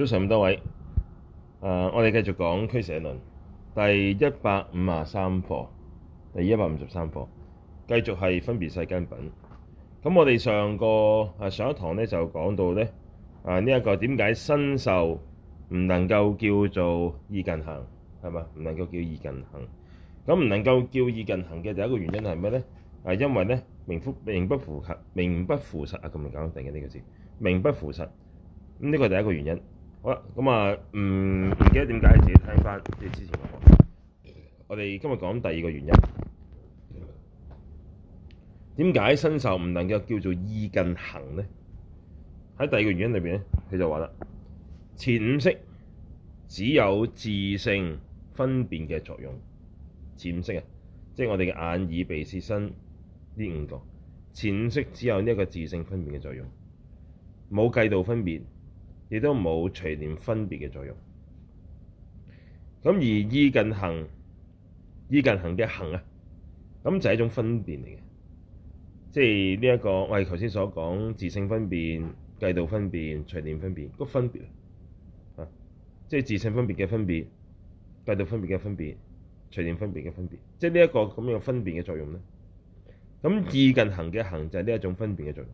早上咁多位，誒，我哋繼續講《俱舍論》第一百五十三課，第一百五十三課，繼續係分別世間品。咁我哋上個誒上一堂咧就講到咧誒呢一、這個點解身受唔能夠叫做意近行係嘛？唔能夠叫意近行，咁唔能夠叫意近行嘅第一個原因係咩咧？啊，因為咧名不名不符合，名不符實啊，咁簡單定嘅呢個字名不符實咁呢、這個第一個原因。好啦，咁、嗯、啊，唔唔記得點解自己聽翻即係之前嘅講。我哋今日講第二個原因，點解身受唔能夠叫做意近行咧？喺第二個原因裏邊咧，佢就話啦：前五識只有自性分辨嘅作用。前五識啊，即係我哋嘅眼、耳、鼻、舌、身呢五個。前五識，只有呢一個自性分辨嘅作用，冇計度分辨。亦都冇隨念分別嘅作用。咁而意近行、意近行嘅行啊，咁就係、是、一種分別嚟嘅、這個，即係呢一個我哋頭先所講自性分別、計度分別、隨念分別、那個分別啊，即、就、係、是、自性分別嘅分別、計度分別嘅分別、隨念分別嘅分別，即係呢一個咁樣分別嘅作用咧。咁意近行嘅行就係呢一種分別嘅作用，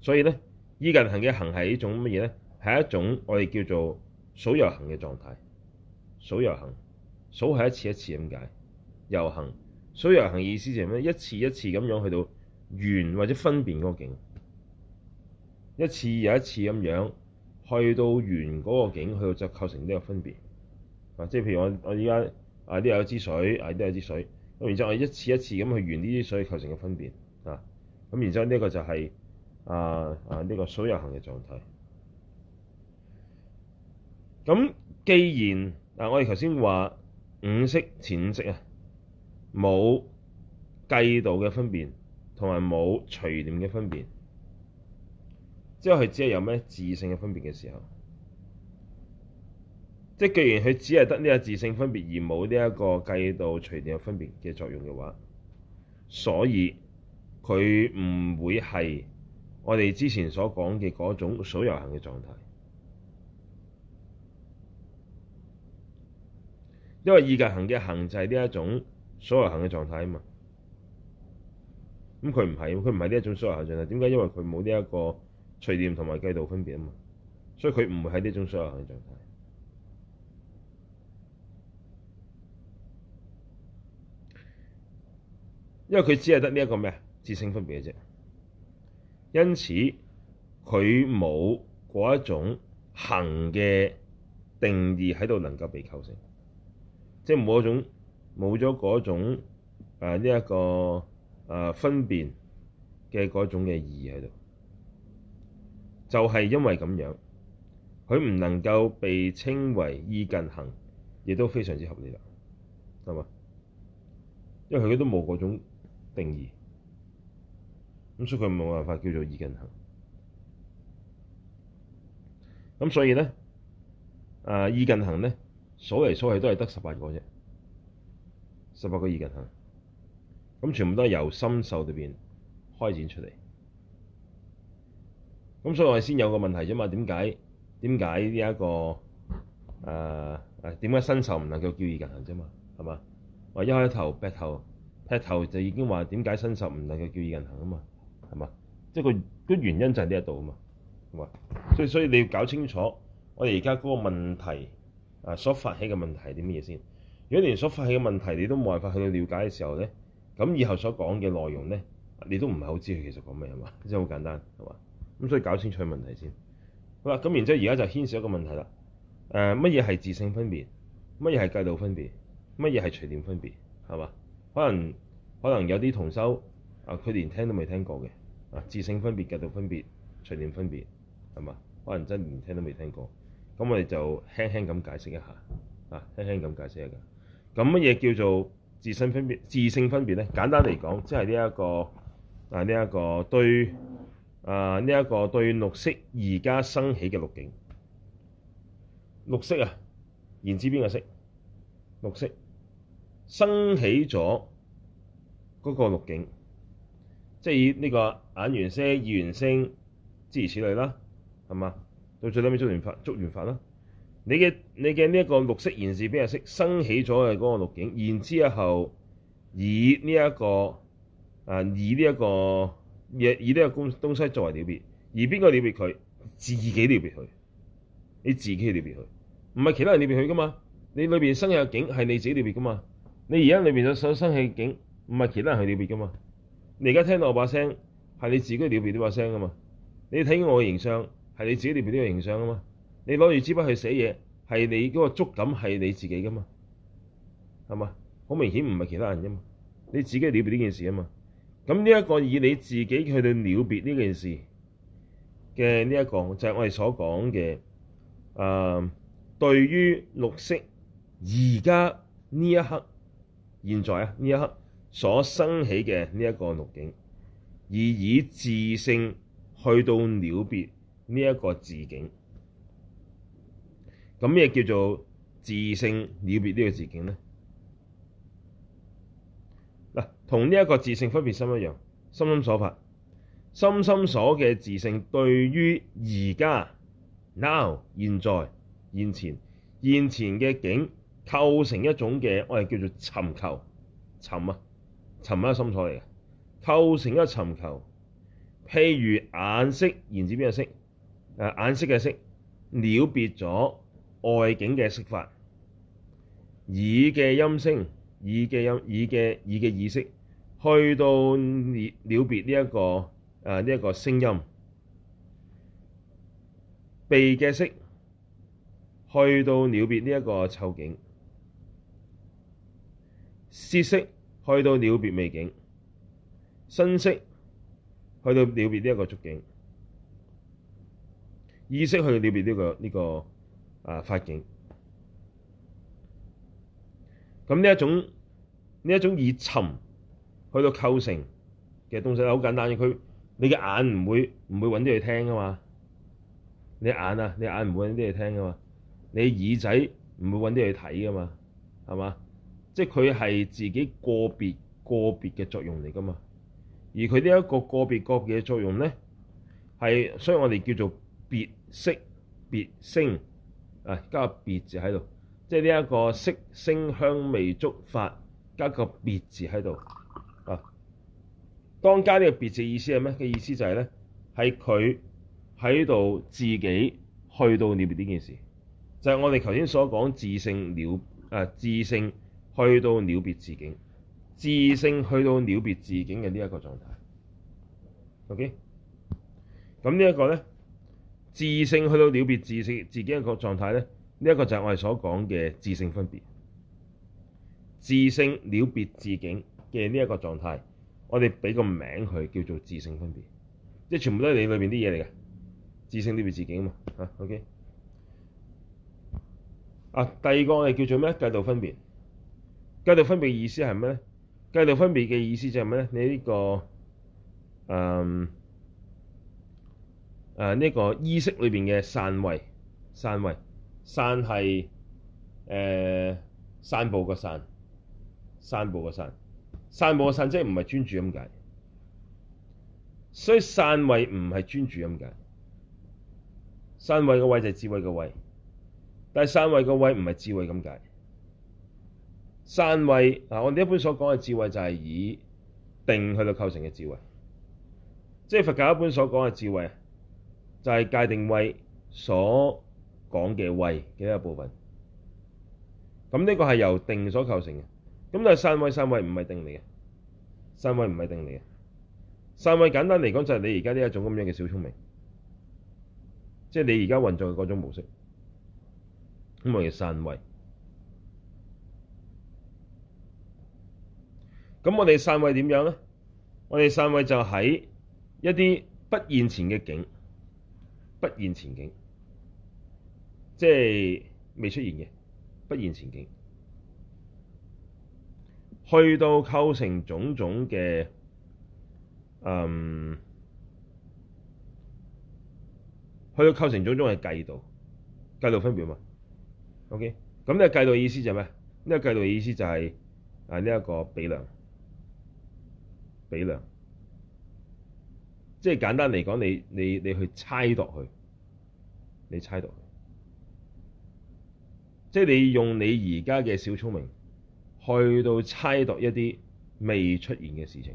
所以咧。意近行嘅行係一種乜嘢咧？係一種我哋叫做數遊行嘅狀態。數遊行，數係一次一次咁解。遊行，數遊行意思就係咩？一次一次咁樣去到圓或者分辨嗰個境。一次又一次咁樣去到圓嗰個境，去到就構成呢個分別。啊，即係譬如我我依家呢度有支水，呢度有支水，咁然之後我一次一次咁去圓呢啲水構成嘅分別啊，咁然之後呢個就係、是。啊啊！呢、啊這個數遊行嘅狀態咁，既然啊，我哋頭先話五識前五識啊，冇計度嘅分別，同埋冇隨念嘅分別，即係佢只係有咩自性嘅分別嘅時候，即係既然佢只係得呢一個自性分別，而冇呢一個計度隨念嘅分別嘅作用嘅話，所以佢唔會係，我哋之前所講嘅嗰種數遊行嘅狀，狀，狀態，為因為意近行嘅行就係呢一種數遊行嘅狀態啊嘛。咁佢唔係，佢唔係呢一種數遊行嘅狀態。點解？因為佢冇呢一個隨念同埋計度分別啊嘛。所以佢唔會喺呢種數遊行嘅狀態。因為佢只係得呢一個咩自性分別啫。因此，佢冇嗰一種行嘅定義喺度能夠被構成，即係冇嗰種冇咗嗰種呢一、啊這個誒、啊、分辨嘅嗰種嘅意義喺度，就係、是、因為咁樣，佢唔能夠被稱為意近行，亦都非常之合理啦，係嘛？因為佢都冇嗰種定義。咁所以佢冇辦法叫做意近行。咁所以咧，誒意近行咧，數嚟數去都係得十八個啫，十八個意近行。咁全部都係由心受裏邊開展出嚟。咁所以我哋先有個問題啫嘛？點解點解呢一個誒誒點解身受唔能夠叫，叫意近行啫嘛？係嘛？我一開頭劈頭劈頭就已經話點解身受唔能夠叫意近行啊嘛？係嘛？即係個個原因就係呢一度啊嘛，係嘛？所以所以你要搞清楚，我哋而家嗰個問題啊，所發起嘅問題係啲乜嘢先？如果連所發起嘅問題你都冇辦法去了解嘅時候咧，咁以後所講嘅內容咧，你都唔係好知佢其實講咩啊嘛，即係好簡單係嘛？咁所以搞清楚問題先。好啦，咁然之後而家就牽涉一個問題啦。誒、呃，乜嘢係自性分別？乜嘢係計度分別？乜嘢係隨念分別？係嘛？可能可能有啲同修啊，佢連聽都未聽過嘅。啊！自性分別、計度分別、隨念分別，係嘛？可能真連聽都未聽過。咁我哋就輕輕咁解釋一下，啊，輕輕咁解釋一下。咁乜嘢叫做自身分別、自性分別咧？簡單嚟講，即係呢一個啊，呢、這、一個對啊，呢、這、一個對六識而家生起嘅六境，六識啊，然知邊個識？六識生起咗嗰個六境，即係以呢個。眼緣聲、耳緣聲，諸如此類啦，係嘛？到最屘尾捉完法，捉完法啦。你嘅你嘅呢一個六色現時邊色，升起咗嘅嗰個六境，然之後以呢、這、一個啊，以呢、這、一個嘢、啊，以呢個公東西作為了別，而邊個了別佢？自己了別佢，你自己了別佢，唔係其他人了別佢噶嘛？你裏邊生有嘅境係你自己了別噶嘛？你而家裏邊想想生起境，唔係其他人去了別噶嘛？你而家聽到我把聲。係你自己了別呢把聲噶嘛？你睇我嘅形相，係你自己了別呢個形相噶嘛？你攞住支筆去寫嘢，係你嗰個觸感係你自己噶嘛？係嘛？好明顯唔係其他人噶嘛？你自己了別呢件事噶嘛？咁呢一個以你自己去到了別呢件事嘅呢一個，就係、是、我哋所講嘅，誒、呃，對於六識而家呢一刻，現在啊呢一刻所生起嘅呢一個六境。而以自性去到了別呢一個自境，咁咩叫做自性了別這個字呢個自境咧？嗱，同呢一個自性分別心一樣，心心所法，心心所嘅自性對於而家 Now 現在、現前、現前嘅境構成一種嘅我哋叫做尋求尋啊尋一心所嚟嘅？構成一個尋求，譬如眼識，言之邊個識？誒、啊，眼識嘅識了別咗外境嘅色法，耳嘅音聲，耳嘅音，耳嘅耳嘅耳識，去到了別呢、這、一個誒呢一個聲音，鼻嘅識，去到了別呢一個臭境，舌識，識去到了別味境。身識去到了別呢一個觸境，意識去到了別呢、呢個呢、呢個啊法境，咁呢一種呢一種熱忱去到構成嘅東西咧，好簡單嘅。佢你嘅眼唔會唔會揾啲去聽噶嘛？你眼啊，你眼唔會揾啲去聽噶嘛？你耳仔唔會揾啲去睇噶嘛？係嘛？即係佢係自己個別個別嘅作用嚟㗎嘛？而佢呢一個個別個別嘅作用咧，係所以我哋叫做別色別聲，啊加個別字喺度，即係呢一個色聲香味觸法加個別字喺度。啊，當加呢個別字的意思係咩？嘅意思就係、是、咧，係佢喺度自己去到了別呢件事，就係、是、我哋頭先所講自性了，啊自性去到了別自境。自性去到了別自境嘅呢一個狀態，OK？咁呢一個咧，自性去到了別自性自己一個狀態咧，呢、這、一個就係我哋所講嘅自性分別，自性了別自境嘅呢一個狀態，我哋俾個名佢叫做自性分別。即係全部都係你裏邊啲嘢嚟嘅，自性了別自境啊嘛，啊 OK？啊第二個我哋叫做咩？計度分別，計度分別嘅意思係咩咧？計度分別嘅意思就係咩咧？你呢個誒誒，呢個意識裏邊嘅散慧，散慧，散係誒散步嘅散，散步嘅散，散步嘅散即係唔係專注咁解。所以散慧唔係專注咁解。散慧嘅慧就係智慧嘅慧，但係散慧嘅慧唔係智慧咁解。散慧，嗱，我哋一般所講嘅智慧就係以定去到構成嘅智慧，即係佛教一般所講嘅智慧，就係戒定慧所講嘅慧嘅一個部分。咁呢個係由定所構成嘅，咁但係散慧，散慧唔係定嚟嘅，散慧唔係定嚟嘅，散慧簡單嚟講就係你而家呢一種咁樣嘅小聰明，即係你而家運作嘅各種模式，咁我叫散慧。咁我哋散位點樣咧？我哋散位就喺一啲不現前嘅景，不現前景，即係未出現嘅不現前景，去到構成種種嘅、嗯、去到構成種種嘅計度，計度分別嘛。OK，咁呢個計度意思就係咩？呢、呢個計度意思就係啊呢一個比量。比量，即係簡單嚟講，你你你去猜度佢，你猜度佢，即係你用你而家嘅小聰明去到猜度一啲未出現嘅事情，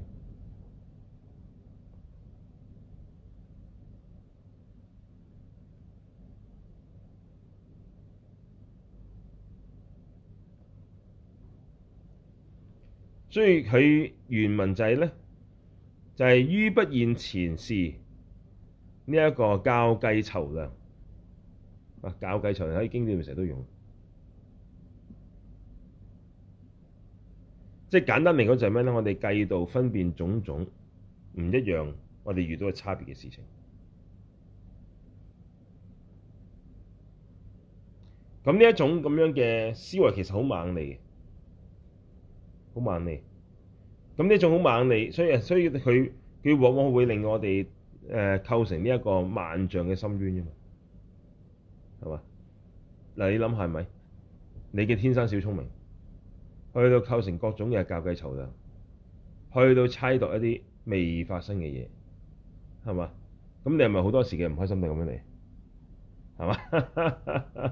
所以佢原文就係咧。就係於不現前事，呢、這、一個計較量度啊，計較量度喺經典入面成日都用，即係簡單嚟講就係咩咧？我哋計度分辨種種唔一樣，我哋遇到嘅差別嘅事情。咁呢一種咁樣嘅思維其實好猛利，嘅，好猛利。咁呢種好猛利，所以所以佢佢往往會令我哋誒、呃、構成呢一個萬丈嘅深淵啫嘛，係嘛？嗱，你諗係咪？你嘅天生小聰明，去到構成各種嘅計較、計籌量，去到猜度一啲未發生嘅嘢，係嘛？咁你係咪好多時嘅唔開心就咁樣嚟？係嘛？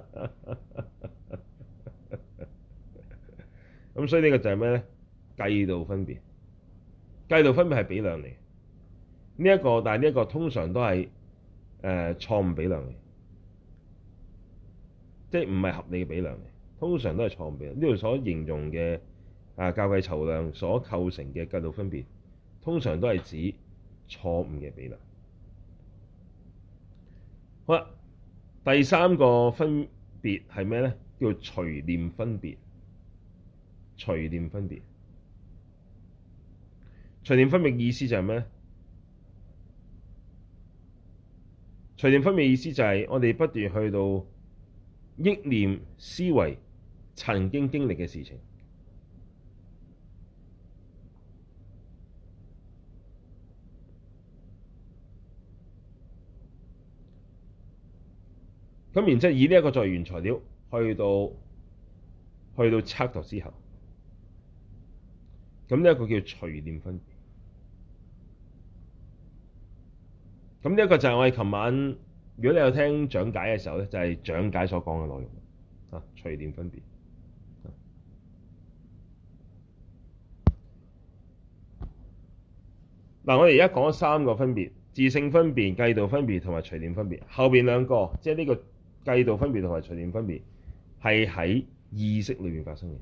咁 所以呢個就係咩咧？計度分別。計度分別係比量嚟，呢一個但係呢一個通常都係誒、呃、錯誤比量嚟，即係唔係合理嘅比量嚟，通常都係錯誤比量。呢度所形容嘅啊較計籌量所構成嘅計度分別，通常都係指錯誤嘅比量。好啦，第三個分別係咩咧？叫做隨念分別，隨念分別。隨念分別意思就係咩？隨念分別意思就係我哋不斷去到憶念思維曾經經歷嘅事情，咁然之後以呢一個作為原材料去到去到測度之後，咁呢一個叫隨念分別。咁呢一個就係我哋琴晚，如果你有聽講解嘅時候咧，就係、是、講解所講嘅內容啊，隨念分別。嗱，我哋而家講咗三個分別：自性分別、計度分別同埋隨念分別。後面兩個，即係呢個計度分別同埋隨念分別，係喺意識裏面發生嘅。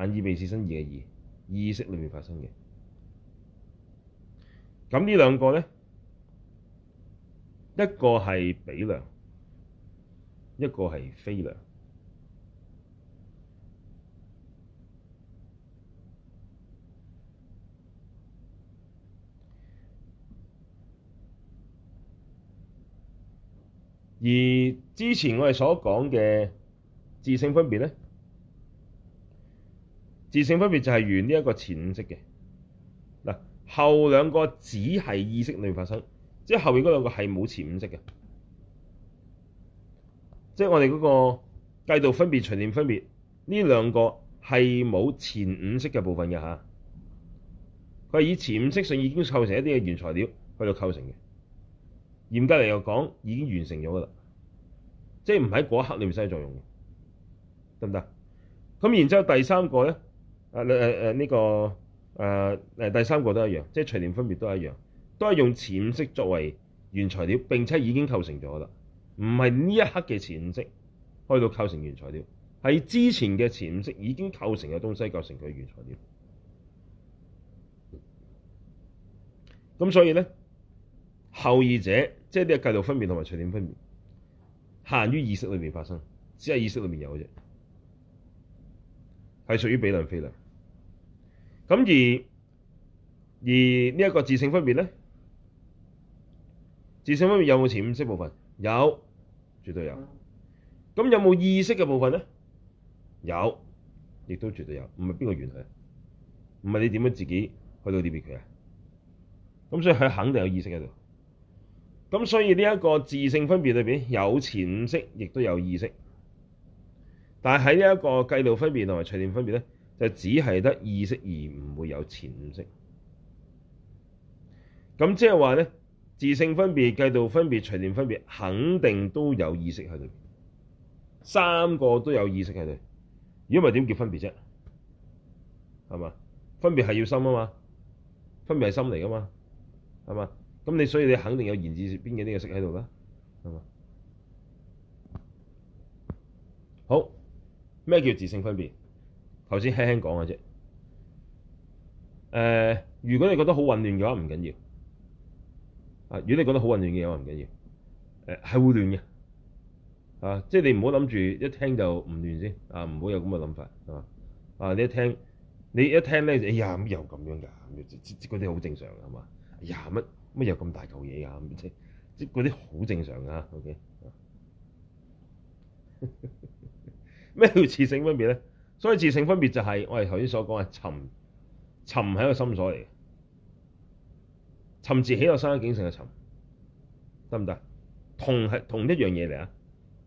眼耳鼻舌生意嘅意，意識裏面發生嘅。咁呢兩個咧。一個係比量，一個係非量。而之前我哋所講嘅自性分別咧，自性分別就係緣呢一個前五識嘅，嗱後兩個只係意識裏面發生。即係後邊嗰兩個係冇前五識嘅，即係我哋嗰個計度分別、隨念分別，呢兩個係冇前五識嘅部分嘅嚇。佢係以前五識上已經構成一啲嘅原材料去到構成嘅，嚴格嚟又講已經完成咗噶啦，即係唔喺嗰一刻裏面使作用嘅，得唔得？咁然之後第三個咧，誒誒誒呢個誒誒、呃呃、第三個都一樣，即係隨念分別都一樣。都係用潛識作為原材料，並且已經構成咗啦，唔係呢一刻嘅潛識開到構成原材料，係之前嘅潛識已經構成嘅東西構成佢原材料。咁所以咧，後二者即係呢個計度分辨同埋隨念分辨，限於意識裏面發生，只係意識裏面有嘅啫，係屬於比量非量。咁而而呢一個自性分別咧？自性分別有冇潛意識部分？有，絕對有。咁有冇意識嘅部分咧？有，亦都絕對有。唔係邊個原來？唔係你點樣自己去到呢邊佢啊？咁所以佢肯定有意識喺度。咁所以呢一個自性分別裏邊有潛意識，亦都有意識。但係喺呢一個計度分別同埋隨念分別咧，就只係得意識而唔會有潛意識。咁即係話咧。自性分別、計度分別、隨念分別，肯定都有意識喺度。三個都有意識喺度，如果唔係點叫分別啫？係嘛？分別係要心啊嘛，分別係心嚟噶嘛，係嘛？咁你所以你肯定有言自邊幾啲嘅識喺度啦，係嘛？好，咩叫自性分別？頭先輕輕講啊啫。誒，如果你覺得好混亂嘅話，唔緊要。啊，如果你覺得好混亂嘅嘢，我唔緊要。誒，係會亂嘅，啊，即係你唔好諗住一聽就唔亂先，啊，唔好有咁嘅諗法，係嘛？啊，你一聽，你一聽咧，哎呀，乜又咁樣㗎？即嗰啲好正常㗎，係嘛？哎呀，乜乜又咁大嚿嘢㗎？即即嗰啲好正常㗎。OK，咩 叫自性分別咧？所以自性分別就係我哋頭先所講嘅沉沉喺個心所嚟嘅。尋自起有生一境性嘅尋，得唔得？同係同一樣嘢嚟啊，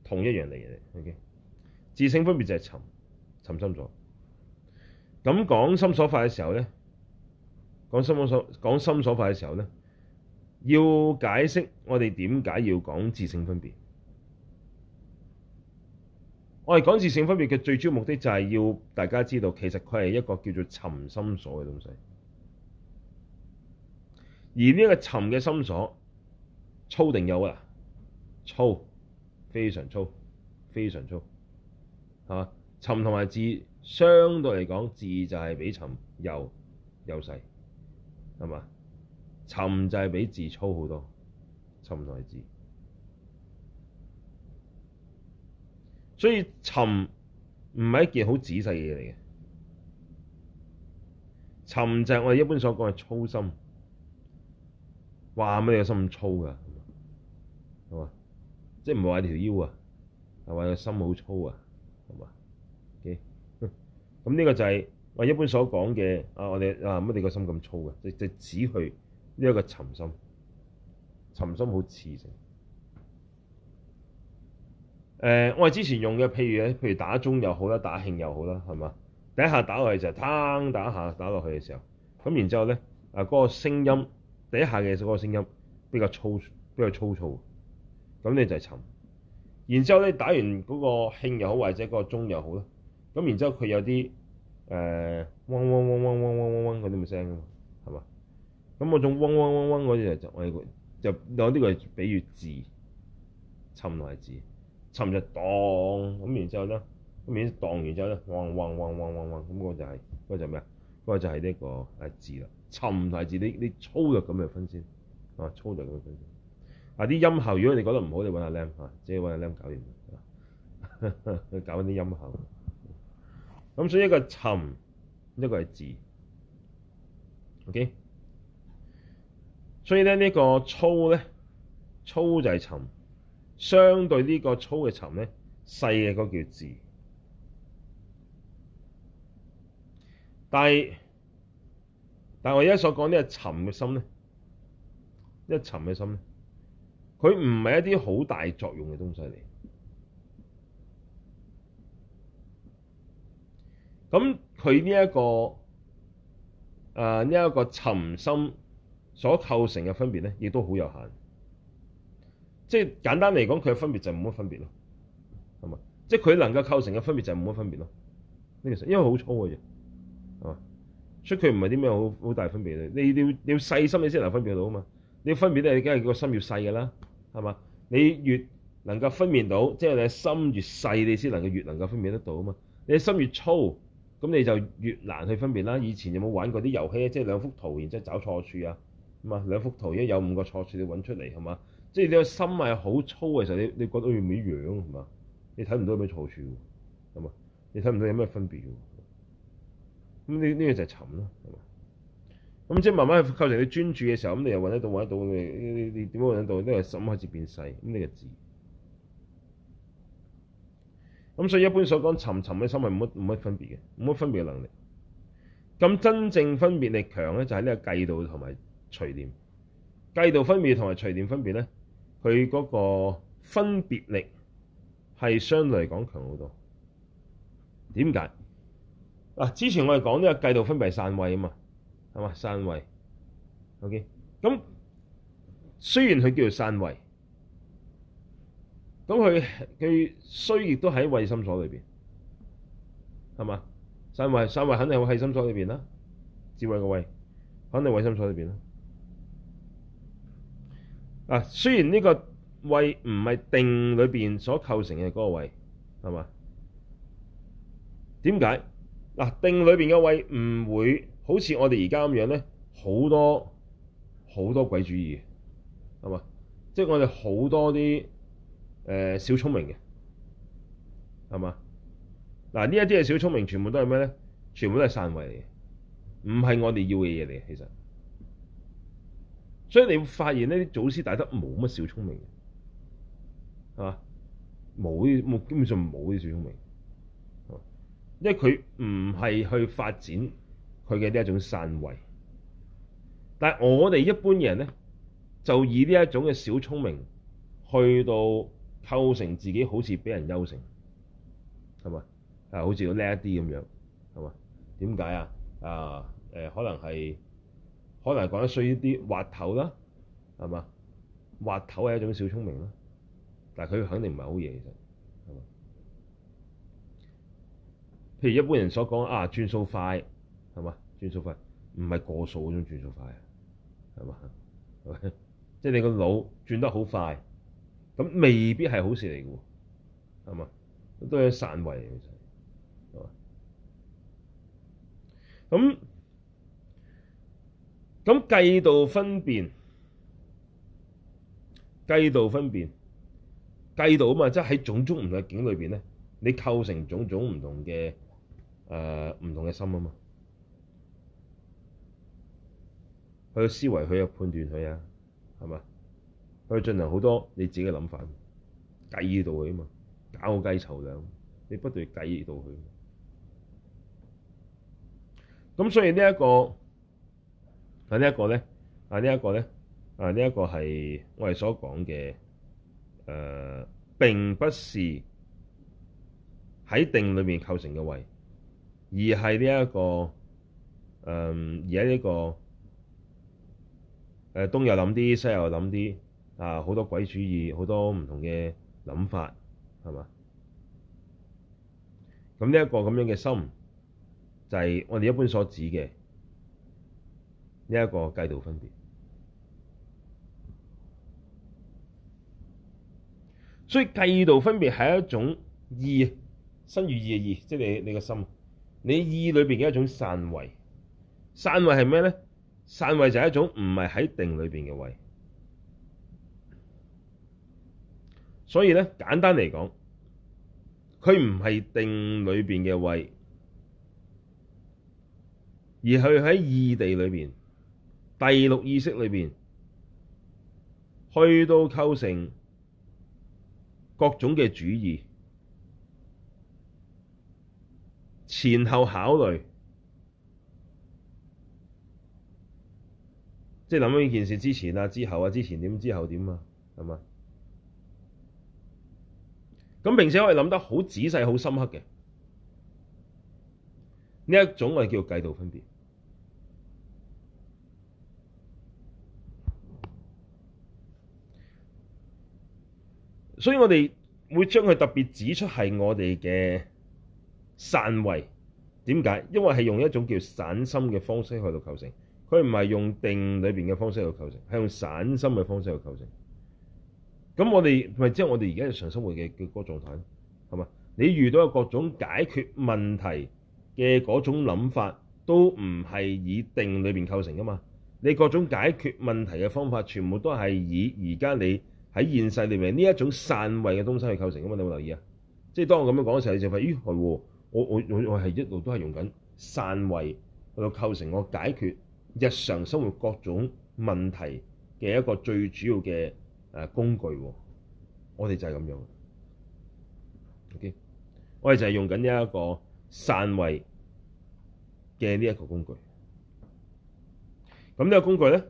同一樣嚟嘅。O K，自性分別就係尋，尋心所。咁講心所法嘅時候咧，講心所講心所法嘅時候咧，要解釋我哋點解要講自性分別。我哋講自性分別嘅最主要目的就係要大家知道，其實佢係一個叫做尋心所嘅東西。而呢個個尋嘅心所粗定有啊，粗，粗非常粗，非常粗，嚇、啊、尋同埋伺相對嚟講，伺就係比尋又幼細，係嘛？尋就係比伺粗好多，尋同埋伺，所以尋唔係一件好仔細嘅嘢嚟嘅，尋就係我哋一般所講嘅粗心。話乜你個心咁粗噶？係嘛？即係唔係話你條腰啊？係話你個心好粗啊？係嘛？OK，咁、嗯、呢個就係我一般所講嘅啊！我哋啊，乜你個心咁粗嘅？即即指去呢一個尋心，尋心好似嘅。誒、呃，我哋之前用嘅，譬如譬如打鐘又好啦，打慶又好啦，係嘛？第一下打落去就㗎、是，打下打落去嘅時候，咁然之後咧啊，嗰、那個聲音。第一下嘅嗰個聲音比較粗，比較粗糙，咁你就係尋。然之後咧打完嗰個磬又好，或者嗰個鐘又好啦。咁然之後佢有啲誒嗡嗡嗡嗡嗡嗡嗡嗰啲咁嘅聲啊，係嘛？咁嗰種嗡嗡嗡嗡嗰啲就我就攞呢個比喻字，尋落嚟字，尋就當咁，然之後咧咁然之後當完之後咧嗡嗡嗡嗡嗡嗡咁嗰就係嗰個就咩啊？嗰個就係呢個誒字啦。尋同埋伺，你你粗就咁樣分先，啊粗就咁樣分先。啊啲音效，如果你覺得唔好，你揾阿 Lam 嚇、啊，即係揾阿 Lam 搞掂啦，去、啊、搞緊啲音效。咁、啊、所以一個尋，一個係伺，OK。所以咧呢個粗咧，粗就係尋，相對呢個粗嘅尋咧，細嘅嗰個叫伺。但係。但係我而家所講呢，係、這個、沉嘅心呢，它不是一尋嘅心呢，佢唔係一啲好大作用嘅東西嚟。咁佢呢一個，誒呢一個尋心所構成嘅分別呢，亦都好有限。即係簡單嚟講，佢嘅分別就係冇乜分別咯，係嘛？即係佢能夠構成嘅分別就係冇乜分別咯。呢個實因為好粗嘅啫。係嘛？所以佢唔係啲咩好好大分別咧，你要你要細心你先能分辨到啊嘛。你要分辨咧，你梗係個心要細嘅啦，係嘛？你越能夠分辨到，即係你心越細，你先能夠越能夠分辨得到啊嘛。你心越粗，咁你就越難去分辨啦。以前有冇玩過啲遊戲，即係兩幅圖，然之後找錯處啊，咁啊兩幅圖，一有五個錯處，你揾出嚟係嘛？即係你個心係好粗嘅時候，你你覺得會唔一樣，係嘛？你睇唔到有咩錯處喎，係嘛？你睇唔到有咩分別喎。咁呢呢個就係沉咯，係嘛？咁即係慢慢去構成你專注嘅時候，咁你又揾得到揾得到，你你你點樣揾得到？因為心開始變細，咁呢個字。咁所以一般所講沉沉嘅心係冇乜冇乜分別嘅，冇乜分別嘅能力。咁真正分別力強咧，就係呢個計度同埋隨念。計度分別同埋隨念分別咧，佢嗰個分別力係相對嚟講強好多。點解？嗱，之前我哋講呢個計度分別散慧啊嘛，係嘛？散慧，OK。咁雖然佢叫做散慧，咁佢佢雖亦都喺慧心所裏邊，係嘛？散慧散慧肯定喺慧心所裏邊啦，智慧個慧肯定慧心所裏邊啦。嗱、啊，雖然呢個慧唔係定裏邊所構成嘅嗰個慧，係嘛？點解？嗱，定裏邊嘅慧唔會好似我哋而家咁樣咧，好多好多鬼主意係嘛？即係、就是、我哋好多啲誒、呃、小聰明嘅，係嘛？嗱，呢一啲嘅小聰明，全部都係咩咧？全部都係散慧嚟嘅，唔係我哋要嘅嘢嚟嘅，其實。所以你會發現呢啲祖師大德冇乜小聰明，係嘛？冇冇基本上冇啲小聰明。因為佢唔係去發展佢嘅呢一種散位，但係我哋一般人咧，就以呢一種嘅小聰明去到構成自己好似俾人優勝，係嘛？啊，好似叻一啲咁樣，係嘛？點解啊？啊，誒、呃，可能係可能講得衰啲，滑頭啦，係嘛？滑頭係一種小聰明啦，但係佢肯定唔係好嘢，其實。譬如一般人所講啊，轉數快係嘛？轉數快唔係過數嗰種轉數快啊，係嘛？即係、就是、你個腦轉得好快，咁未必係好事嚟嘅喎，係嘛？都係散位嚟嘅，係嘛？咁咁計度分別，計度分別，計度啊嘛，即係喺種種唔同嘅境裏邊咧，你構成種種唔同嘅。誒，唔同嘅心啊嘛，佢嘅思維，佢嘅判斷，佢啊，係嘛？佢進行好多你自己嘅諗法，計到佢啊嘛，搞好計籌量，你不斷計到佢，咁所以呢一個，啊呢一個咧，啊呢一個咧，啊呢一個係我哋所講嘅，誒，並不是喺定裏面構成嘅位。而係呢一個，誒、嗯，而家呢、這個，誒、呃，東又諗啲，西又諗啲，啊，好多鬼主意，好多唔同嘅諗法，係嘛？咁呢一個咁樣嘅心，就係、是、我哋一般所指嘅呢一個計度分別。所以計度分別係一種意，身語意嘅意，即、就、係、是、你你個心。你意裏面嘅一種散位，散位係咩咧？散位就係一種唔係喺定裏邊嘅位，所以咧，簡單嚟講，佢唔係定裏邊嘅位，而係喺意地裏邊、第六意識裏邊，去到構成各種嘅主意。前後考慮，即係諗呢件事之前啊、之後啊、之前點之後點啊，係嘛？咁並且我哋諗得好仔細、好深刻嘅呢一種，我哋叫做計度分別。所以我哋會將佢特別指出係我哋嘅。散位點解？因為係用一種叫散心嘅方式去到構成，佢唔係用定裏邊嘅方式去到構成，係用散心嘅方式去構成。咁我哋咪即係我哋而家日常生活嘅嘅嗰個狀態係嘛？你遇到各種解決問題嘅嗰種諗法，都唔係以定裏邊構成噶嘛？你各種解決問題嘅方法，全部都係以而家你喺現世裏面呢一種散位嘅東西去構成噶嘛？你有冇留意啊？即係當我咁樣講嘅時候，你就發現咦我我我我係一路都係用緊散慧去到構成我解決日常生活各種問題嘅一個最主要嘅，誒工具。我哋就係咁樣。OK，我哋就係用緊呢一個散慧嘅呢一個工具。咁呢個工具咧，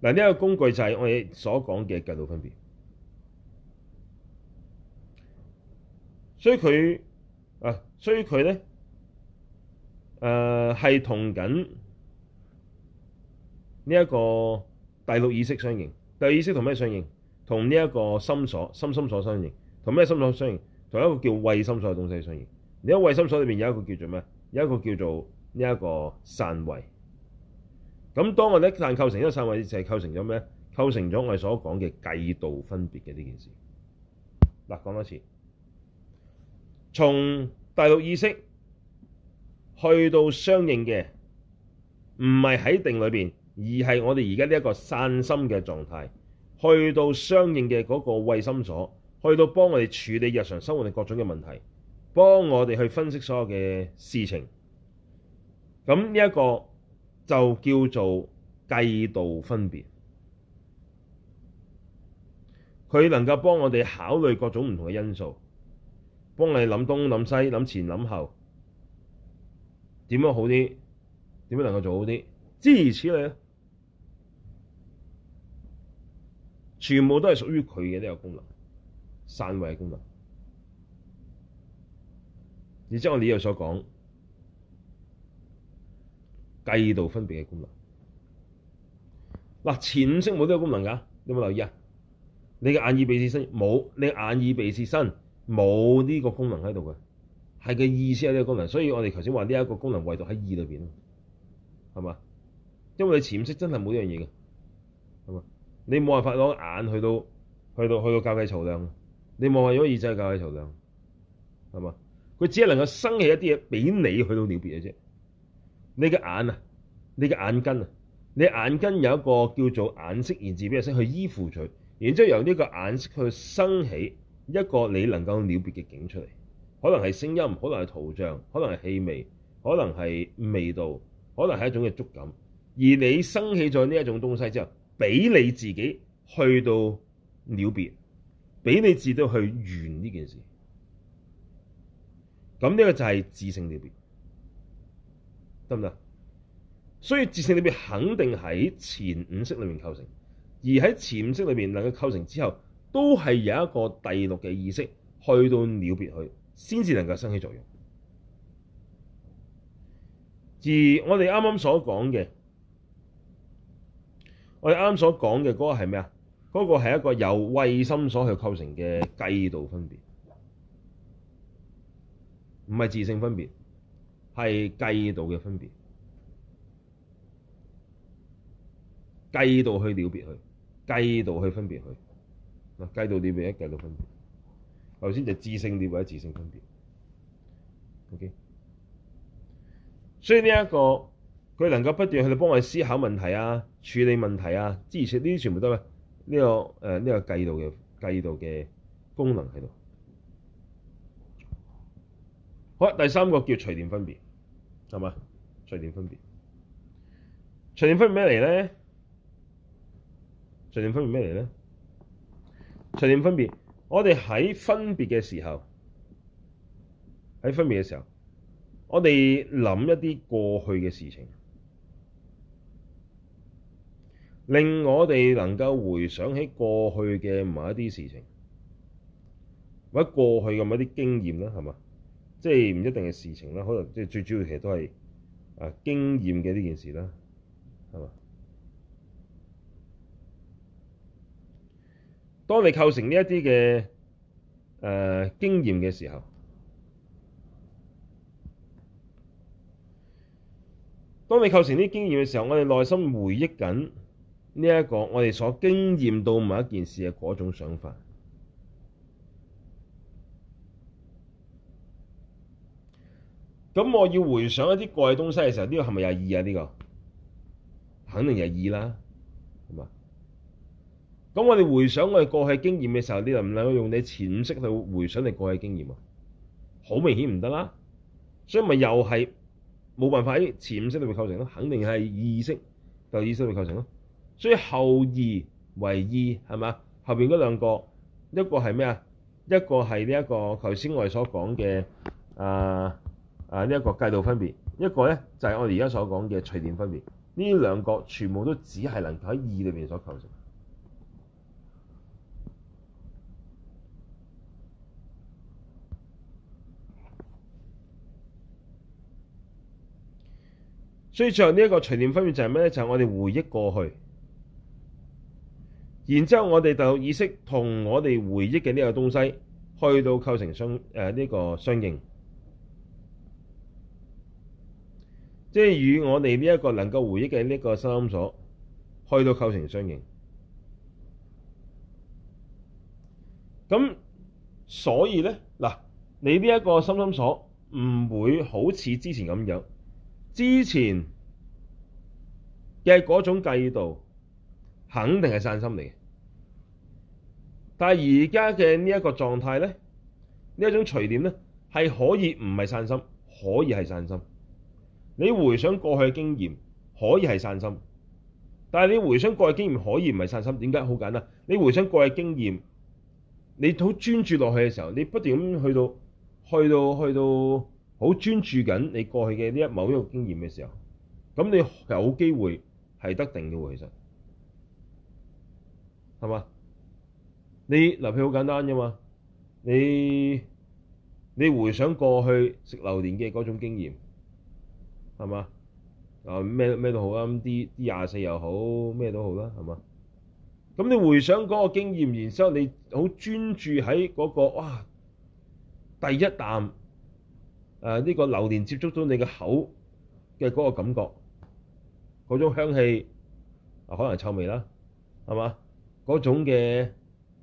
嗱呢一個工具就係我哋所講嘅計度分別。所以佢。啊，所以佢咧，誒係同緊呢一個第六意識相應。第六意識同咩相應？同呢一個心所、心心所相應。同咩心所相應？同一個叫慧心所嘅東西相應。而喺慧心所裏邊有一個叫做咩？有一個叫做呢一個散慧。咁當我哋一旦構成一個散慧，就係構成咗咩？構成咗我哋所講嘅計度分別嘅呢件事。嗱，講多次。從大陸意識去到相應嘅，唔係喺定裏邊，而係我哋而家呢一個散心嘅狀態，去到相應嘅嗰個慧心所，去到幫我哋處理日常生活嘅各種嘅問題，幫我哋去分析所有嘅事情。咁呢一個就叫做計度分別，佢能夠幫我哋考慮各種唔同嘅因素。幫你諗東諗西諗前諗後，點樣好啲？點樣能夠做好啲？諸如此類，全部都係屬於佢嘅呢個功能，散位嘅功能。而即係我李友所講，計度分別嘅功能。嗱，前五識冇呢個功能噶？你有冇留意啊？你嘅眼耳鼻舌身冇，你的眼耳鼻舌身。冇呢個功能喺度嘅，係嘅意思係呢個功能，所以我哋頭先話呢一個功能唯獨喺意裏邊咯，係嘛？因為你潛識真係冇呢樣嘢嘅，係嘛？你冇辦法攞眼去到去到去到計較量度，你望下如果耳就係計較量度，係嘛？佢只係能夠生起一啲嘢俾你去到了別嘅啫，你嘅眼啊，你嘅眼根啊，你眼根有一個叫做眼識現字邊識去依附佢，然之後由呢個眼色去生起。一個你能夠了別嘅景出嚟，可能係聲音，可能係圖像，可能係氣味，可能係味道，可能係一種嘅觸感。而你升起咗呢一種東西之後，俾你自己去到了別，俾你自己去完呢件事。咁呢個就係自性了別，得唔得？所以自性了別肯定喺前五識裏面構成，而喺前五識裏面能夠構成之後。都係有一個第六嘅意識去到了別去，先至能夠生起作用。而我哋啱啱所講嘅，我哋啱啱所講嘅嗰個係咩啊？嗰個係一個由慧心所去構成嘅計度分別，唔係自性分別，係計度嘅分別，計度去了別去，計度去分別去。計度點樣一計度分別？頭先就自性點或者自性分別。OK，所以呢、這、一個佢能夠不斷去到幫我思考問題啊、處理問題啊，之前呢啲全部都係呢、這個誒呢、呃這個計度嘅計度嘅功能喺度。好，第三個叫隨念分別，係嘛？隨念分別，隨念分別咩嚟咧？隨念分別咩嚟咧？隨念分別，我哋喺分別嘅時候，喺分別嘅時候，我哋諗一啲過去嘅事情，令我哋能夠回想起過去嘅某一啲事情，或者過去嘅某一啲經驗啦，係嘛？即係唔一定嘅事情啦，可能即係最主要其實都係啊經驗嘅呢件事啦，係嘛？當你構成呢一啲嘅、呃、經驗嘅時候，當你構成啲經驗嘅時候，我哋內心回憶緊呢一個我哋所經驗到某一件事嘅嗰種想法。咁我要回想一啲過去的東西嘅時候，呢個係咪有意呀？呢個肯定有意啦。咁我哋回想我哋過去經驗嘅時候，你能唔能夠用你前五識去回想你過去經驗啊？好明顯唔得啦，所以咪又係冇辦法喺前五識裏裏邊構成咯。肯定係意識就意識裏面構成咯。所以後二為二係咪？後面嗰兩個，一個係咩啊？一個係呢一個頭先我哋所講嘅啊、啊呢一、這個計度分別，一個咧就係、是、我哋而家所講嘅隨念分別。呢兩個全部都只係能夠喺意裏面所構成。所以最後呢一個隨念分別就係咩咧？就係我哋回憶過去，然之後我哋就意識同我哋回憶嘅呢個東西，去到構成相，誒呢個相應，即係與我哋呢一個能夠回憶嘅呢個心心所，去到構成相應。咁所以咧，嗱，你呢一個心心所唔會好似之前咁樣。之前嘅嗰種計度，肯定係散心嚟嘅。但係而家嘅呢一個狀態咧，呢一種隨念咧，係可以唔係散心，可以係散心。你回想過去嘅經驗，可以係散心。但係你回想過去的經驗，可以唔係散心？點解？好簡單，你回想過去的經驗，你好專注落去嘅時候，你不斷咁去到，去到，去到。好專注緊你過去嘅呢一某一個經驗嘅時候，咁你有機會係得定嘅喎，其實係嘛？你嗱譬如好簡單啫嘛，你你回想過去食榴蓮嘅嗰種經驗，係嘛？啊咩咩都好啦，啲啲廿四又好，咩都好啦，係嘛？咁你回想嗰個經驗，然之後你好專注喺嗰個哇第一啖。誒呢個榴蓮接觸到你嘅口嘅嗰個感覺，嗰種香氣啊，可能臭味啦，係嘛？嗰種嘅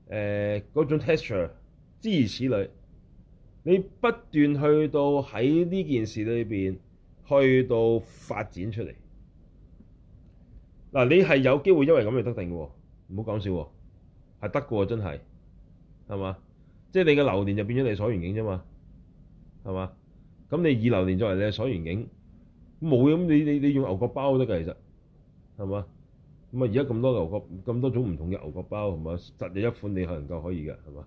誒嗰種 texture，諸如此類。你不斷去到喺呢件事裏面，去到發展出嚟，嗱你係有機會因為咁樣得定嘅，唔好講笑喎，係得嘅喎，真係係嘛？即係你嘅榴蓮就變咗你所願景啫嘛，係嘛？咁你二流年作為你嘅所緣境冇，咁你你你用牛角包得噶，其實係嘛？咁啊，而家咁多牛角咁多種唔同嘅牛角包，係嘛？實你一款你係能夠可以嘅，係嘛？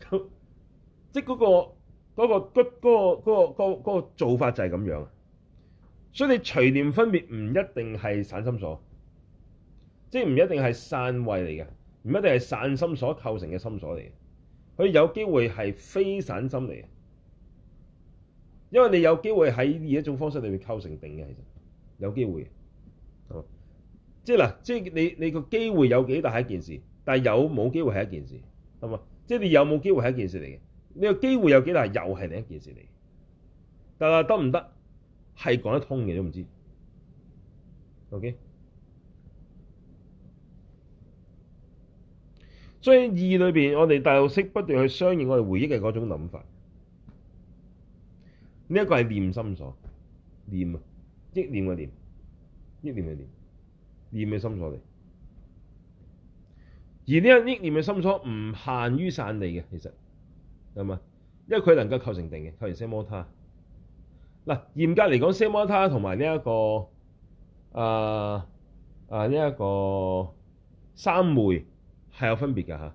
咁 即係、嗰個、嗰個嗰、嗰個嗰、嗰個嗰嗰、嗰個嗰個嗰個嗰個、做法就係咁樣，所以你隨念分別唔一定係散心所，即係唔一定係散慧嚟嘅，唔一定係散心所構成嘅心所嚟。佢有機會係非散心嚟，因為你有機會喺呢一種方式裏面構成定嘅，其實有機會嘅，係嘛？即係嗱，即係你你個機會有幾大係一件事，但係有冇機會係一件事，係嘛？即係你有冇機會係一件事嚟嘅，你個機會有幾大又係另一件事嚟，但係得得唔得係講得通嘅都唔知。OK。所以意裏邊，我哋第六意識不斷去相應我哋回憶嘅嗰種諗法，呢一個係念心所，念，啊，憶念嘅念，憶念嘅念，念嘅心所嚟。而呢個憶念嘅心所唔限於散離嘅，其實係咪？因為佢能夠構成定嘅，構成奢摩他嗱，嚴格嚟講奢摩他同埋呢一個，誒誒呢一個三昧。係有分別嘅嚇、啊，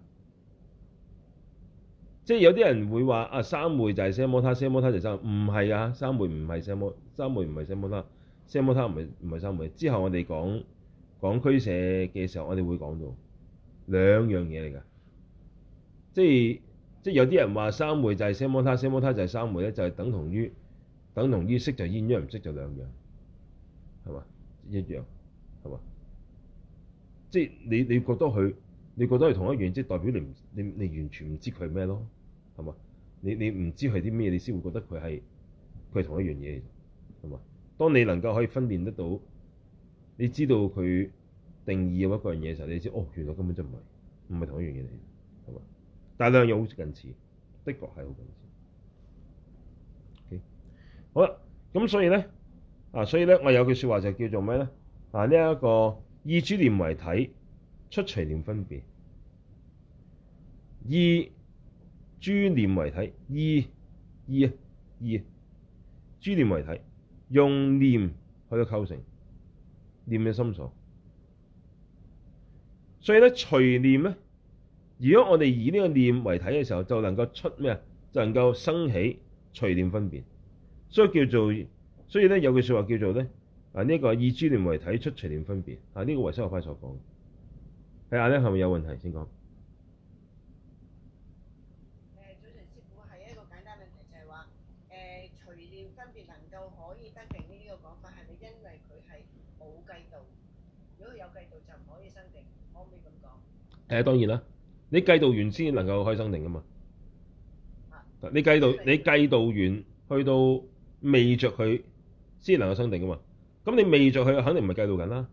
即係有啲人會話啊三昧就係 samatha samatha 就三，唔係啊三昧唔係 samatha 三昧唔係 samatha samatha 唔係唔係三昧。之後我哋講講俱舍嘅時候我，我哋會講到兩樣嘢嚟㗎，即係即係有啲人話三昧就係 samatha samatha 就係三昧。咧，就係、是、等同於等同於識就,識就樣一樣，唔識就兩樣，係嘛一樣係嘛，即係你你覺得佢？你覺得係同一樣，即係代表你你你完全唔知佢係咩咯，係嘛？你你唔知佢啲咩，你先會覺得佢係佢係同一樣嘢，係嘛？當你能夠可以分辨得到你，你知道佢定義嘅一個樣嘢嘅時候，你知哦，原來根本就唔係唔係同一樣嘢嚟，係嘛？但係兩樣好似近似，的確係好近似。Okay? 好啦，咁所以咧啊，所以咧，我有句説話就叫做咩咧？啊，呢、這、一個以諸念為體。出隨念分別，以諸念為體，以以以諸念為體，用念去到構成念嘅心所，所以咧隨念咧，如果我哋以呢個念為體嘅時候，就能夠出咩啊？就能夠生起隨念分別，所以叫做，所以咧有句說話叫做咧啊呢一個以諸念為體出隨念分別啊呢個為修學派所講。睇下咧，係咪有問題先講？誒、呃，早晨師傅，係一個簡單問題就，就係話誒，除咗分別能夠可以得定呢個講法，係咪因為佢係冇計度，如果有計度就唔可以生定，可唔可以咁講？誒，當然啦，你計度完先能夠可以生定噶嘛？你計度你計度完去到未着佢先能夠生定噶嘛？咁你未着佢，肯定唔係計度緊啦。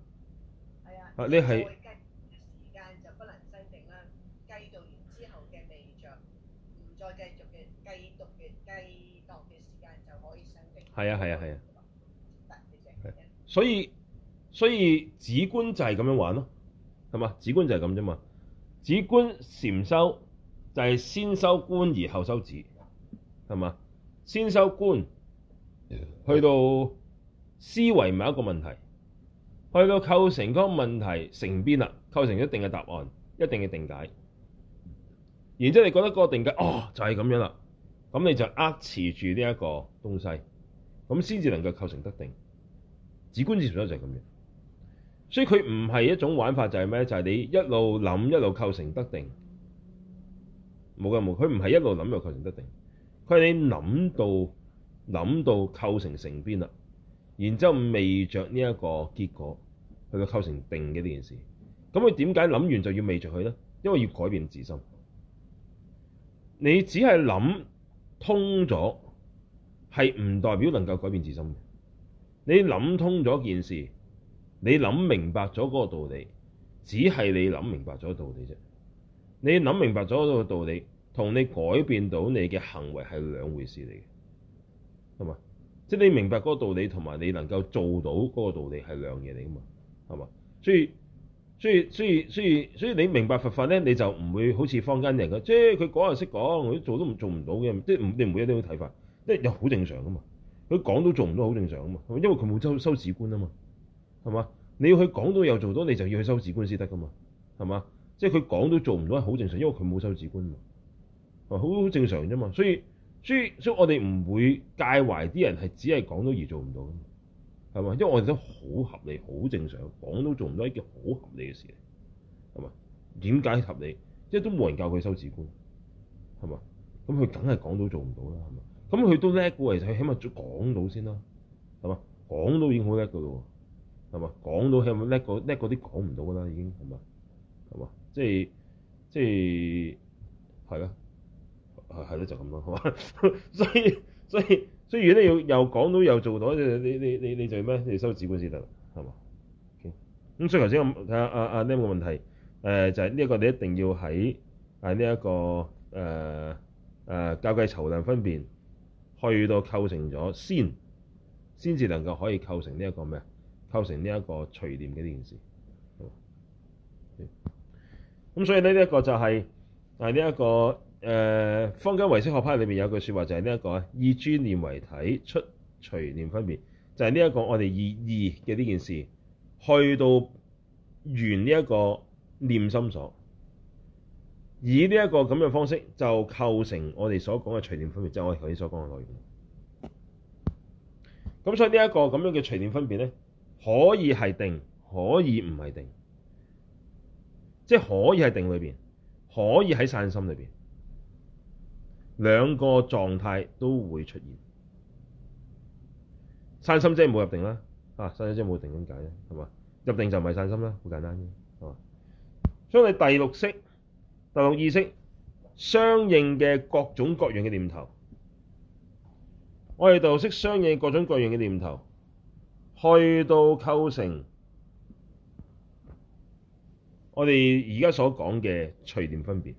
係啊的，啊，你係。係啊，係啊，係啊，係啊，所以所以子官就係咁樣玩咯，係嘛？子官就係咁啫嘛。子官禪修就係先收官而後收子，係嘛？先收官去到思維某一個問題，去到構成嗰個問題成邊啦，構成一定嘅答案，一定嘅定解。然之後你覺得個定解哦，就係咁樣啦，咁你就握持住呢一個東西。咁先至能夠構成得定，止觀自上就係咁樣。所以佢唔係一種玩法就，就係咩？就係你一路諗，一路構成得定。冇噶，冇，佢唔係一路諗就構成得定。佢係你諗到諗到構成成邊啦，然之後未着呢一個結果，佢就構成定嘅呢件事。咁佢點解諗完就要未着佢咧？因為要改變自心。你只係諗通咗。係唔代表能夠改變自心嘅？你諗通咗件事，你諗明白咗嗰個道理，只係你諗明白咗道理啫。你諗明白咗嗰個道理，同你改變到你嘅行為係兩回事嚟嘅，係嘛？即係你明白嗰個道理，同埋你能夠做到嗰個道理係兩嘢嚟噶嘛？係嘛？所以，所以，所以，所以，所以你明白佛法咧，你就唔會好似坊間人咁，即係佢講又識講，佢做都唔做唔到嘅，即係唔你唔會有呢種睇法。即又好正常噶嘛，佢講都做唔到，好正常噶嘛。因為佢冇修修止觀啊嘛，係嘛？你要去講到又做到，你就要去修止觀先得噶嘛，係嘛？即佢講到做唔到係好正常，因為佢冇修止觀啊，好正常啫嘛。所以所以所以，所以我哋唔會介懷啲人係只係講到而做唔到嘛，係嘛？因為我哋都好合理、好正常，講到做唔到係一件好合理嘅事嚟，係嘛？點解合理？即都冇人教佢修止觀，係嘛？咁佢梗係講到做唔到啦，係嘛？咁佢都叻過嚟，其實起碼講到先啦，係嘛？講到已經好叻㗎啦，係嘛？講到起碼叻過叻啲講唔到㗎啦，已經係嘛？係嘛？即係即係係啦，係係咯，就咁啦，係嘛？所以所以所以，如果你要又講到又做到，你你你你做咩？你，你，你修止觀先得，係嘛？咁、okay? 所以頭先睇下阿阿呢 e m 嘅問題，呃、就係呢一個，你一定要喺喺呢一個誒誒交界籌量分辨。去到構成咗先，先至能夠可以構成呢一個咩啊？構成呢一個隨念嘅呢件事。咁、嗯嗯、所以呢一，這個就係，是，但係呢一個誒坊間唯識學派裏面有句説話就係呢一個以諸念為體，出隨念分別，就係呢一個我哋以意嘅呢件事，去到完呢一個念心所，以呢一個咁樣方式就構成我哋所講嘅隨念分別，即係我頭先所講嘅內容。咁所以呢一個咁樣嘅隨念分別咧，可以係定，可以唔係定，即係可以係定裏邊，可以喺散心裏邊，兩個狀態都會出現。散心即係冇入定啦，啊，散心即係冇定咁解咧，係嘛？入定就唔係散心啦，好簡單啫，係嘛？所以第六識。第六意識相應嘅各種各樣嘅念頭，我哋就識相應各種各樣嘅念頭，去到構成我哋而家所講嘅隨念分別，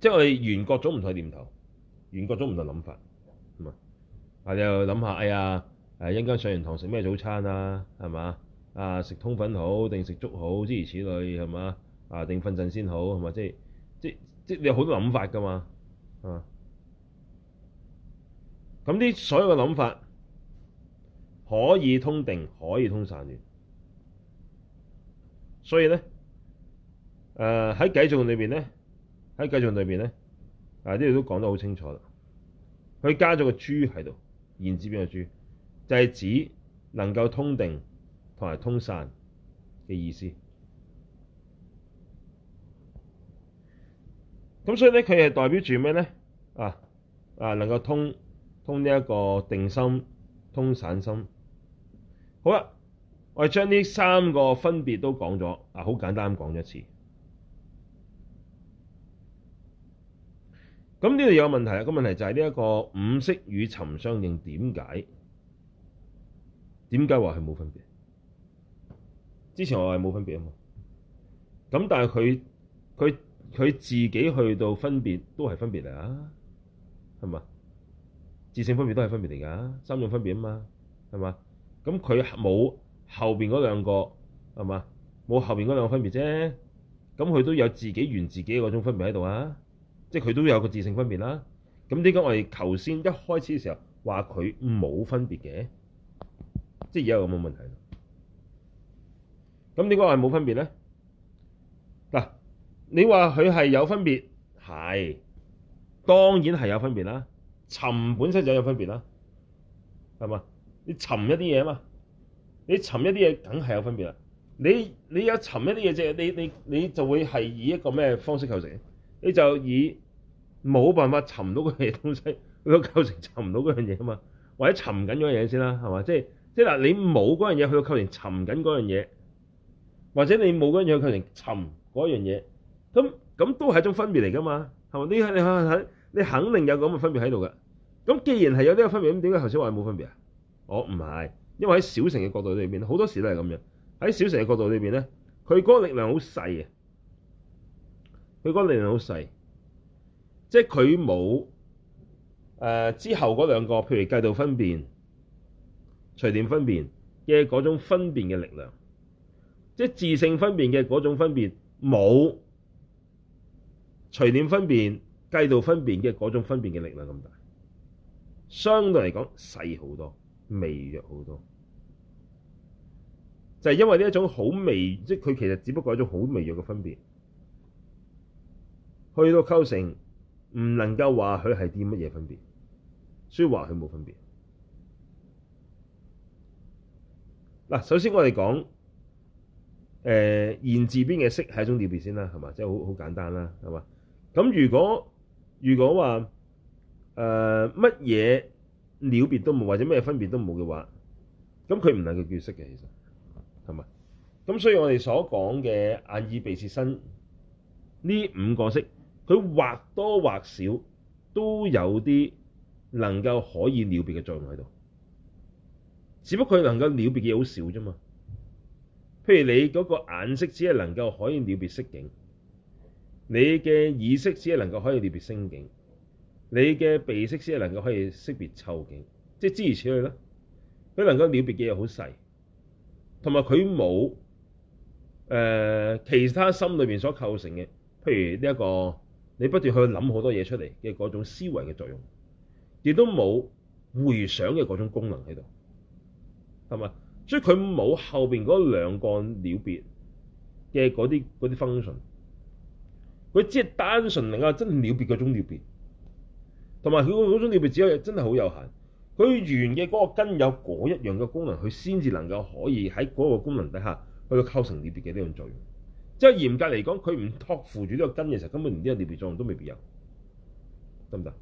即係我哋原各種唔同嘅念頭，原各種唔同諗法，係啊，你又諗下，哎呀，一陣間上完堂食咩早餐啊，係嘛？啊！食通粉好定食粥好，諸如此類係嘛？啊，定瞓陣先好係嘛？即係即即你有好多個諗法噶嘛？啊！咁啲所有嘅諗法可以通定，可以通散亂。所以咧，誒喺偈頌裏邊咧，喺偈頌裏邊咧，啊呢度都講得好清楚啦。佢加咗個諸喺度，言字邊個諸，就係、是、指能夠通定。同埋通散嘅意思，咁所以咧佢係代表住咩咧？啊啊，能夠通通呢一個定心、通散心。好啦，我哋將呢三個分別都講咗，啊，好簡單講一次。咁呢度有問題啊？個問題就係呢一個五識與尋相應，點解？點解話係冇分別？之前我係冇分別啊嘛，咁但係佢佢佢自己去到分別都係分別嚟啊，係咪？自性分別都係分別嚟㗎，三種分別啊嘛，係嘛？咁佢冇後邊嗰兩個係嘛？冇後邊嗰兩個分別啫，咁佢都有自己原自己嗰種分別喺度啊，即係佢都有個自性分別啦。咁點解我哋頭先一開始嘅時候話佢冇分別嘅？即係而家有冇問題？咁呢個係冇分別咧嗱？你話佢係有分別，係當然係有分別啦。尋本身就有分別啦，係嘛？你尋一啲嘢啊嘛？你尋一啲嘢，梗係有分別啦。你你有尋一啲嘢，就你你你就會係以一個咩方式構成？你就以冇辦法尋到嗰樣嘢東西，你構成尋唔到嗰樣嘢啊嘛？或者尋緊嗰樣嘢先啦，係嘛？即即嗱，你冇嗰樣嘢，去到構成尋緊嗰樣嘢。或者你冇嗰樣佢嚟尋嗰樣嘢，咁咁都係一種分別嚟噶嘛？係咪？你你睇你肯定有咁嘅分別喺度㗎。咁既然係有呢個分別，咁點解頭先話冇分別啊？我唔係，因為喺小城嘅角度裏面，好多時都係咁樣。喺小城嘅角度裏面咧，佢嗰個力量好細呀，佢嗰個力量好細，即係佢冇誒之後嗰兩個，譬如計度分別、隨念分別嘅嗰種分別嘅力量。即自性分辨嘅嗰種分辨冇，隨念分辨、計度分辨嘅嗰種分辨嘅力量咁大，相對嚟講細好多，微弱好多。就係因為呢一種好微，即佢其實只不過係一種好微弱嘅分辨，去到構成唔能夠話佢係啲乜嘢分辨，所以話佢冇分別。嗱，首先我哋講。誒言字邊嘅識係一種了別先啦，係嘛？即係好好簡單啦，係嘛？咁如果如果話誒乜嘢了別都冇，或者咩分別都冇嘅話，咁佢唔係個叫識嘅，其實係嘛？咁所以我哋所講嘅眼耳鼻舌身呢五個識，佢或多或少都有啲能夠可以了別嘅作用喺度，只不過佢能夠了別嘅好少啫嘛。譬如你嗰個眼識，只係能夠可以了別色境；你嘅耳識只係能夠可以了別聲境；你嘅鼻識只係能夠可以識別嗅境，即係諸如此類啦，佢能夠了別嘅嘢好細，同埋佢冇誒其他心裏邊所構成嘅，譬如呢、這、一個你不斷去諗好多嘢出嚟嘅嗰種思維嘅作用，亦都冇回想嘅嗰種功能喺度，係咪？所以佢冇後面嗰兩個了別嘅嗰啲嗰啲 function，佢只係單純能夠真了別嗰種了別，同埋佢嗰種了別只有真係好有限。佢原嘅嗰個根有嗰一樣嘅功能，佢先至能夠可以喺嗰個功能底下去構成了別嘅呢樣作用。即係嚴格嚟講，佢唔託付住呢個根嘅時候，根本連呢個了別作用都未必有，得唔得？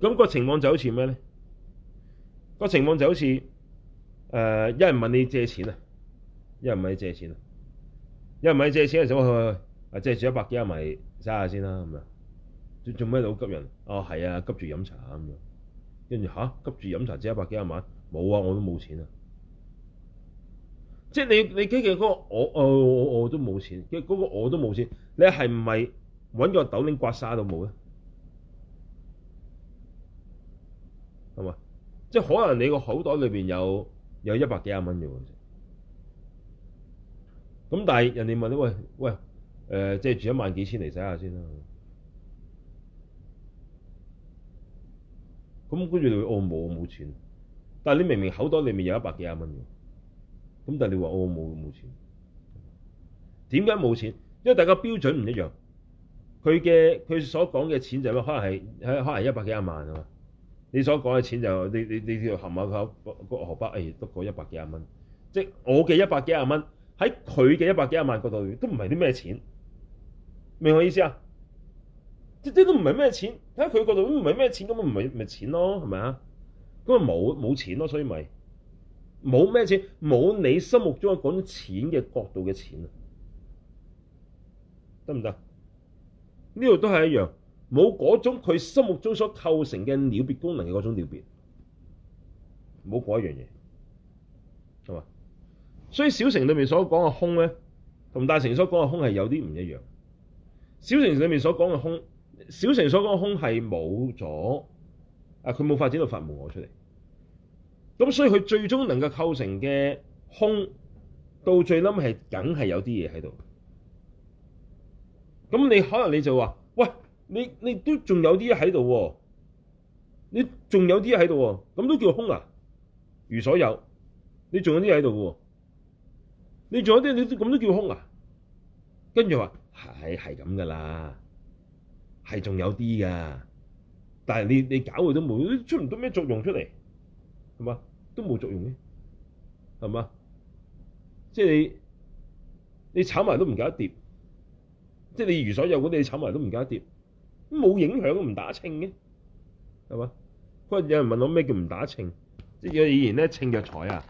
咁個情況就好似咩咧？個情況就好似。誒，一人問你借錢啊，一人問你借錢啊，一人問你借錢，就話啊借住一百幾萬咪揸下先啦，咁啊，做咩咁急人？哦係啊，急住飲茶咁樣，跟住吓急住飲茶借一百幾萬，冇啊，我都冇錢啊，即係你你幾個嗰個我誒我我都冇錢，即係嗰個我都冇錢，你係唔係搵個斗零刮痧都冇咧？係嘛，即係可能你個口袋裏邊有。有一百幾廿蚊嘅。咁但係人哋問你喂、喂、誒借住一萬幾千嚟使下先啦，咁跟住你會哦，冇、冇錢，但係你明明口袋裏面有一百幾廿蚊嘅，咁但係你話、哦、我冇、冇錢，點解冇錢？因為大家標準唔一樣，佢嘅佢所講嘅錢就係可能係可能係一百幾廿萬啊！你所講嘅錢就係、你你你叫含下口個個荷包，誒得一百幾廿蚊，即係我嘅一百幾廿蚊喺佢嘅一百幾廿萬個度都唔係啲咩錢，明我意思啊？即即都唔係咩錢，喺佢個度都唔係咩錢，咁咪唔係咪錢咯？係咪啊？咁咪冇冇錢咯，所以咪冇咩錢，冇你心目中講錢嘅角度嘅錢啊，得唔得？呢度都係一樣。冇嗰種佢心目中所構成嘅了別功能嘅嗰種了別，冇嗰一樣嘢，係嘛？所以小乘裏面所講嘅空咧，同大乘所講嘅空係有啲唔一樣。小乘裏面所講嘅空，小乘所講嘅空係冇咗，啊佢冇發展到法無我出嚟，咁所以佢最終能夠構成嘅空，到最冧係梗係有啲嘢喺度。咁你可能你就話。你你都仲有啲喺度喎，你仲有啲喺度喎，咁都叫空啊？如所有，你仲有啲喺度喎，你仲有啲，你咁都叫空啊？跟住話係係咁噶啦，係仲有啲噶，但係你你搞佢都冇，出唔到咩作用出嚟，係嘛？都冇作用嘅，係嘛？即係你你炒埋都唔夠一碟，即係你如所有，啲，你炒埋都唔夠一碟。冇影響，唔打稱嘅係嘛？嗰日有人問我咩叫唔打稱，即係以前咧稱藥材啊，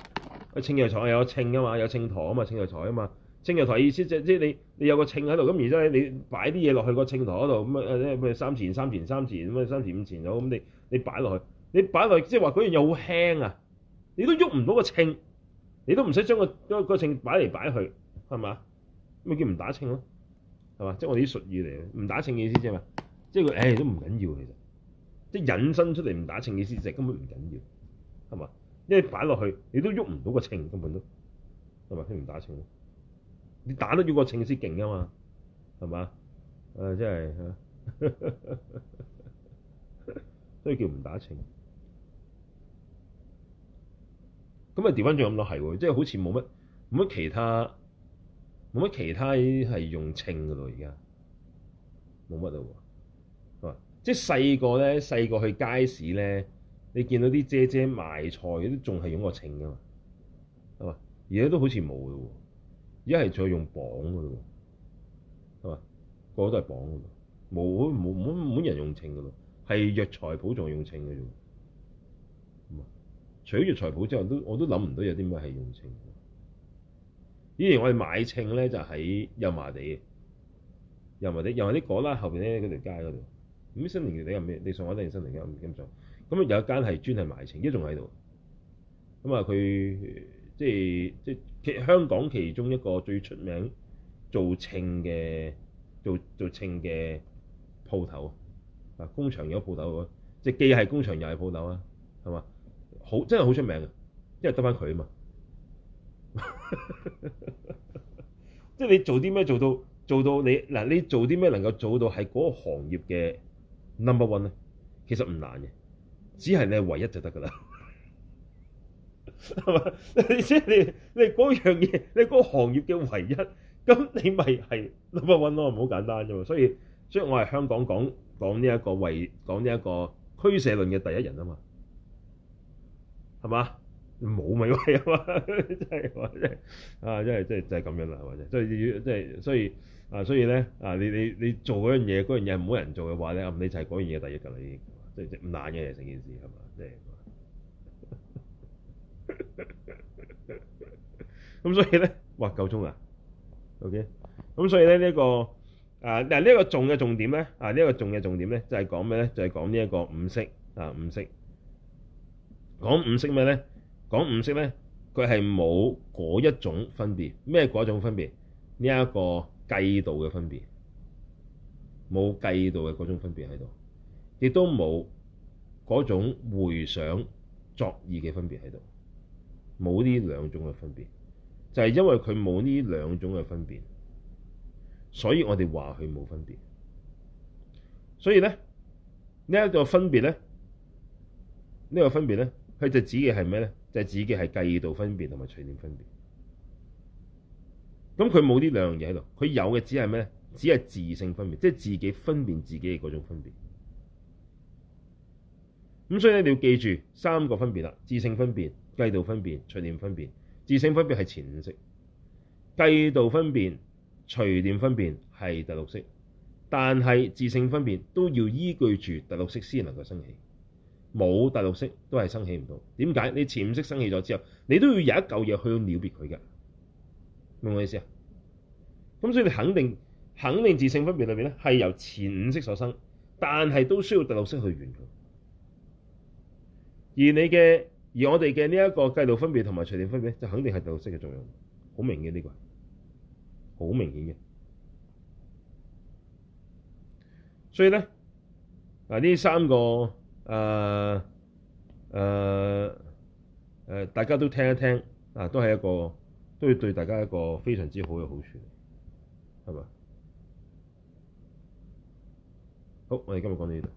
佢稱藥材有個稱啊嘛，有稱砣啊嘛，稱藥材啊嘛，稱藥台意思即係即係你你有個稱喺度咁，然之後你擺啲嘢落去個稱砣嗰度咁啊，三錢三錢三錢咁三錢五錢咁，你你擺落去，你擺落去即係話嗰樣嘢好輕啊，你都喐唔到個稱，你都唔使將個個個稱擺嚟擺去，係嘛？咁咪叫唔打稱咯？係嘛？即係我啲術語嚟嘅，唔打稱嘅意思啫嘛。即係佢，唉，都唔緊要其實要，即係引申出嚟唔打稱意思，就根本唔緊要，係嘛？因為擺落去，你都喐唔到個稱，根本都，係嘛？佢唔打稱喎。你打得要個稱先勁啊嘛，係嘛？誒、呃，真、就、係、是，所以 叫唔打稱。咁啊，調翻轉咁多係喎，即係好似冇乜，冇乜其他，冇乜其他依係用稱嘅咯，而家冇乜咯。即細個呢，細個去街市呢，你見到啲姐姐賣菜啲，仲係用個稱㗎嘛？啊嘛，而家都好似冇咯喎，而家係再用綁㗎咯喎，係嘛？嗰度係綁㗎，冇冇冇人用稱㗎咯，係藥材鋪仲用稱㗎啫喎。咁啊，除咗藥材鋪之後，我都諗唔到有啲咩係用稱。以前我哋買稱呢，就喺油麻地嘅油麻地，油麻地果欄後邊呢，嗰條街嗰度。啲新年嘅你有咩？你上海新新年有冇咁做？咁啊有一間係專係賣秤，一仲喺度。咁啊，佢即係即係香港其中一個最出名做秤嘅做做秤嘅鋪頭啊，工場有鋪頭啊，即係既係工場又係鋪頭啊，係嘛？好真係好出名啊，因為得翻佢啊嘛。 即係你做啲咩做到做到你嗱？你做啲咩能夠做到係嗰個行業嘅？number one 咧，其實唔難嘅，只係你係唯一就得噶啦，係嘛？即係你你嗰樣嘢，你嗰個行業嘅唯一，咁你咪、就、係、係、 number one 咯，唔好簡單啫嘛。所以所以，我係香港講講呢一個為講呢一個俱舍論嘅第一人啊嘛，係嘛？冇咪威啊嘛，即係話即係啊，即係即係就係咁樣啦，或者即係所以。啊，所以咧啊，你你你做嗰樣嘢，嗰樣嘢冇人做嘅話咧，啊，你就係嗰樣嘢第一噶啦，已經即係唔難嘅，成件事係嘛？即係咁。咁所以咧，哇夠鍾啊！OK，咁所以咧呢一個啊，嗱呢一個重嘅重點咧，啊呢一個重嘅重點咧，就係講咩咧？就係講呢一個五識啊，五識講五識咩咧？講五識咧，佢係冇嗰一種分別，咩嗰一種分別？呢一個。計度嘅分別，冇計度嘅嗰種分別喺度，亦都冇嗰種回想作意嘅分別喺度，冇呢兩種嘅分別，就係、是、因為佢冇呢兩種嘅分別，所以我哋話佢冇分別。所以咧，呢、這、一個分別咧，呢、這個分別咧，佢就指嘅係咩咧？就指嘅係計度分別同埋隨念分別。咁佢冇呢兩樣嘢喺度，佢有嘅只係咩？只係自性分別，即係自己分辨自己嘅嗰種分別。咁所以你要記住三個分別啦：自性分別、計度分別、隨念分別。自性分別係前五識，計度分別、隨念分別係第六識。但係自性分別都要依據住第六識先能夠升起，冇第六識都係升起唔到。點解？你前五識升起咗之後，你都要有一嚿嘢去了別佢嘅。明唔明意思啊？咁所以你肯定，肯定自性分別裏邊咧，係由前五識所生，但係都需要第六識去完佢。而你嘅，而我哋嘅呢一個計度分別同埋隨念分別，就肯定係第六識嘅作用，好明嘅呢個，好明顯嘅。所以咧，啊呢三個，誒誒誒，大家都聽一聽，啊都係一個，都會對大家一個非常之好嘅好處，係咪？好，我哋今日講到呢度。